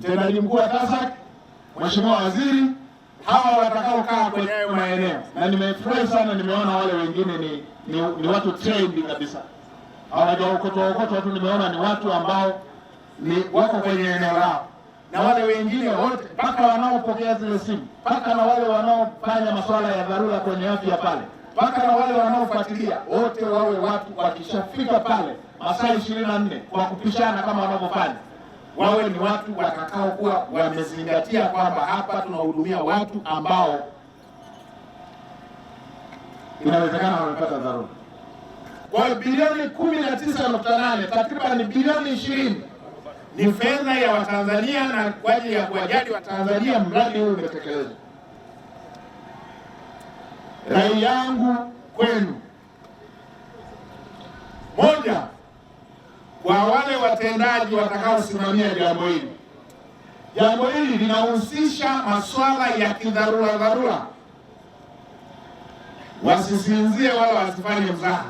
mtendaji mkuu wa TASAC, mheshimiwa waziri, hawa watakaokaa kwenye hayo maeneo, na nimefurahi sana, nimeona wale wengine ni, ni, ni watu trained kabisa, hawajaokotwaokotwa tu, nimeona ni watu ambao ni wako kwenye eneo lao na wale wengine wote mpaka wanaopokea zile simu, mpaka na wale wanaofanya masuala ya dharura kwenye afya pale, mpaka na wale wanaofuatilia, wote wawe watu wakishafika pale masaa ishirini na nne kwa kupishana kama wanavyofanya wawe ni watu watakaokuwa wamezingatia kwamba hapa tunahudumia watu ambao inawezekana wamepata dharura. Kwa hiyo bilioni kumi na tisa nukta nane takriban bilioni ishirini ni fedha ya Watanzania na kwa ajili ya kuwajali Watanzania. Mradi huu umetekelezwa. Rai yangu kwenu wale watendaji watakaosimamia jambo hili. Jambo hili linahusisha masuala ya kidharura dharura, wasisinzie wala wasifanye mzaha,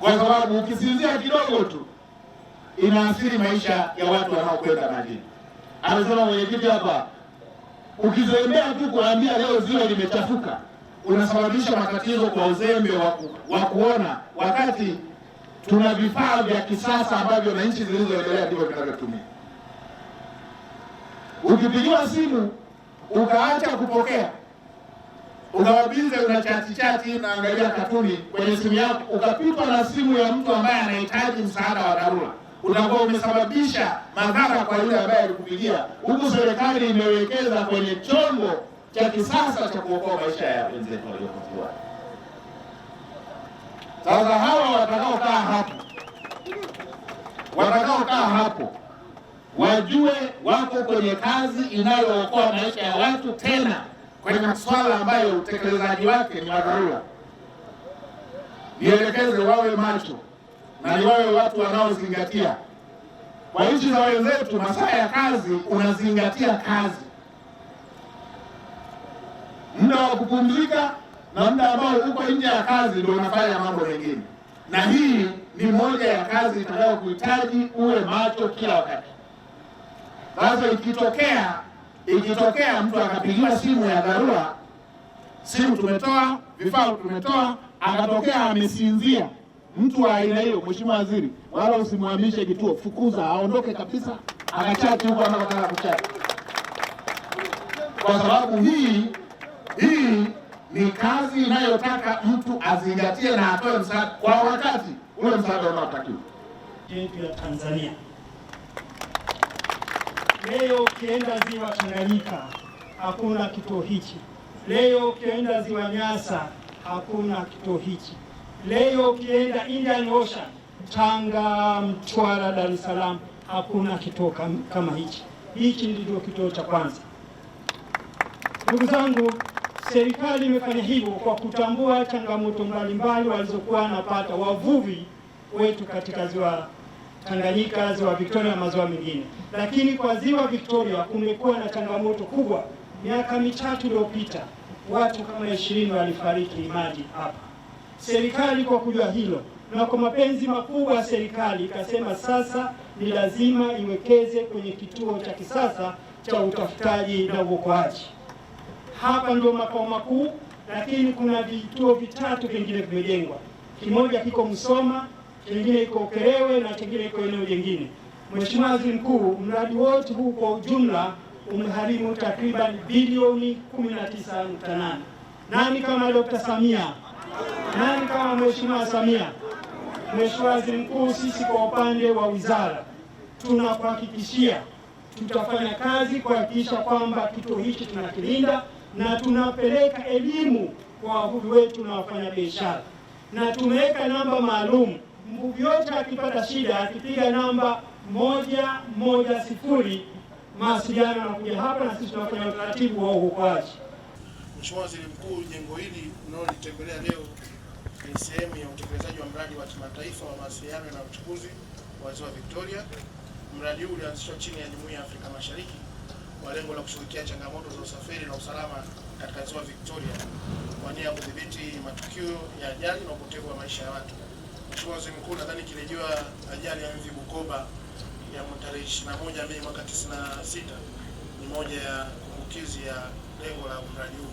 kwa sababu ukisinzia kidogo tu inaathiri maisha ya watu wanaokwenda majini. Amesema mwenyekiti hapa, ukizembea tu kuambia leo ziwa limechafuka, unasababisha matatizo kwa uzembe wa kuona wakati tuna vifaa vya kisasa ambavyo na nchi zilizoendelea ndivyo vinavyotumia. Ukipigiwa simu ukaacha kupokea ukawabize una chati chati unaangalia katuni kwenye simu yako, ukapitwa na simu ya mtu ambaye anahitaji msaada wa dharura, utakuwa umesababisha madhara kwa yule ambaye alikupigia, huku serikali imewekeza kwenye chombo cha kisasa cha kuokoa maisha ya wenzetu waliokutiwa sasa wajue wako kwenye kazi inayookoa maisha ya watu, tena kwenye masuala ambayo utekelezaji wake ni wa dharura. Nielekeze wawe macho na ni wawe watu wanaozingatia. Kwa nchi za wenzetu, masaa ya kazi unazingatia kazi, muda wa kupumzika na muda ambao uko nje ya kazi ndio unafanya mambo mengine, na hii ni moja ya kazi itakayokuhitaji uwe macho kila wakati. Sasa ikitokea ikitokea mtu akapigiwa simu ya dharura, simu tumetoa, vifaa tumetoa, akatokea amesinzia, mtu wa aina hiyo, Mheshimiwa Waziri, wala usimhamishe kituo, fukuza, aondoke kabisa, akachati huko anataka kuchati, kwa sababu hii hii ni kazi inayotaka mtu azingatie na atoe msaada kwa wakati ule msaada unaotakiwa yetu ya Tanzania. Leo ukienda ziwa Tanganyika hakuna kituo hichi. Leo ukienda ziwa Nyasa hakuna kituo hichi. Leo ukienda Indian Ocean, Tanga, Mtwara, Dar es Salaam hakuna kituo kam, kama hichi. Hichi ndio kituo cha kwanza. Ndugu zangu, serikali imefanya hivyo kwa kutambua changamoto mbalimbali walizokuwa wanapata wavuvi wetu katika ziwa Tanganyika, ziwa Victoria na maziwa mengine. Lakini kwa ziwa Victoria kumekuwa na changamoto kubwa. Miaka mitatu iliyopita watu kama ishirini walifariki maji hapa. Serikali kwa kujua hilo na kwa mapenzi makubwa ya serikali ikasema sasa ni lazima iwekeze kwenye kituo cha kisasa cha utafutaji na uokoaji. Hapa ndio makao makuu, lakini kuna vituo vitatu vingine vimejengwa. Kimoja kiko Msoma kingine iko Kerewe na kingine iko eneo jingine. Mheshimiwa Waziri Mkuu, mradi wote huu kwa ujumla umeharimu takriban bilioni 19.8. Nani kama Dr. Samia? Nani kama Mheshimiwa Samia? Mheshimiwa Waziri Mkuu, sisi kwa upande wa wizara tunakuhakikishia tutafanya kazi kuhakikisha kwamba kituo hichi tunakilinda na tunapeleka elimu kwa wavuvi wetu na wafanyabiashara, na tumeweka namba maalum yote akipata shida akipiga namba moja moja sifuri mawasiliano anakuja hapa na sisi tunafanya utaratibu wa uokoaji. Mheshimiwa Waziri Mkuu, jengo hili unaolitembelea leo ni sehemu ya utekelezaji wa mradi wa kimataifa wa mawasiliano na uchukuzi wa Ziwa Victoria. Mradi huu ulianzishwa chini ya Jumuiya ya Afrika Mashariki kwa lengo la kushughulikia changamoto za usafiri na usalama katika Ziwa Victoria kwa nia ya kudhibiti matukio ya ajali na upotevu wa maisha ya watu. Mheshimiwa Waziri Mkuu, nadhani kirejewa ajali ya MV Bukoba ya tarehe 21 Mei mwaka 96 ni moja ya kumbukizi ya lengo la mradi huu.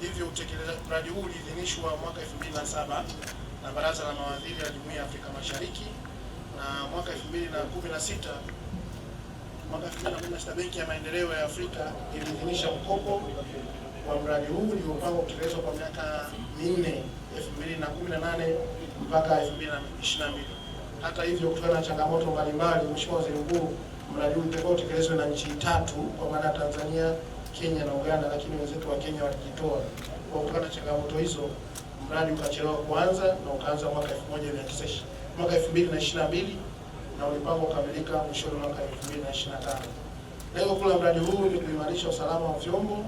Hivyo utekelezaji mradi huu uliidhinishwa mwaka 2007 na Baraza la Mawaziri la Jumuiya ya Afrika Mashariki na mwaka 2016 mwaka 2016 Benki ya Maendeleo ya Afrika iliidhinisha mkopo kwa mradi huu uliopangwa kutekelezwa kwa miaka minne 2018 mpaka 2022. Hata hivyo, kutokana na changamoto mbalimbali, Mheshimiwa Waziri Mkuu, mradi huu ulitakiwa utekelezwe na nchi tatu kwa maana ya Tanzania, Kenya na Uganda, lakini wenzetu wa Kenya walijitoa. Kwa kutokana na changamoto hizo, mradi ukachelewa kuanza na ukaanza mwaka 1900 mwaka 2022 na ulipangwa kukamilika mwishoni mwaka 2025. Lengo kuu la mradi huu ni kuimarisha usalama wa vyombo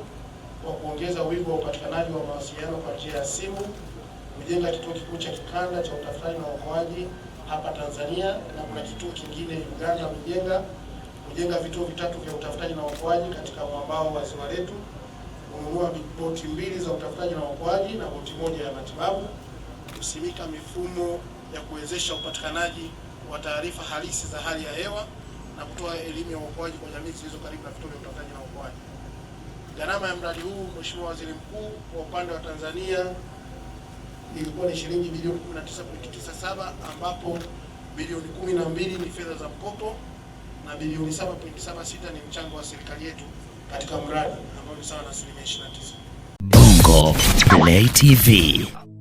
wa kuongeza wigo wa upatikanaji wa mawasiliano kwa njia ya simu, kujenga kituo kikuu cha kikanda cha utafutaji na uokoaji hapa Tanzania na kuna kituo kingine Uganda Mjenga, kujenga vituo vitatu vya utafutaji na uokoaji katika mwambao wa ziwa letu, kununua boti mbili za utafutaji na uokoaji na boti moja ya matibabu, kusimika mifumo ya kuwezesha upatikanaji wa taarifa halisi za hali ya hewa na kutoa elimu ya uokoaji kwa jamii zilizo karibu na vituo vya utafutaji na uokoaji. Gharama ya mradi huu Mheshimiwa Waziri Mkuu, kwa upande wa Tanzania ilikuwa ni shilingi bilioni 19.97 ambapo bilioni 12 ni fedha za mkopo na bilioni 7.76 ni mchango wa serikali yetu katika mradi ambao ni sawa na asilimia 29. Bongo Play TV.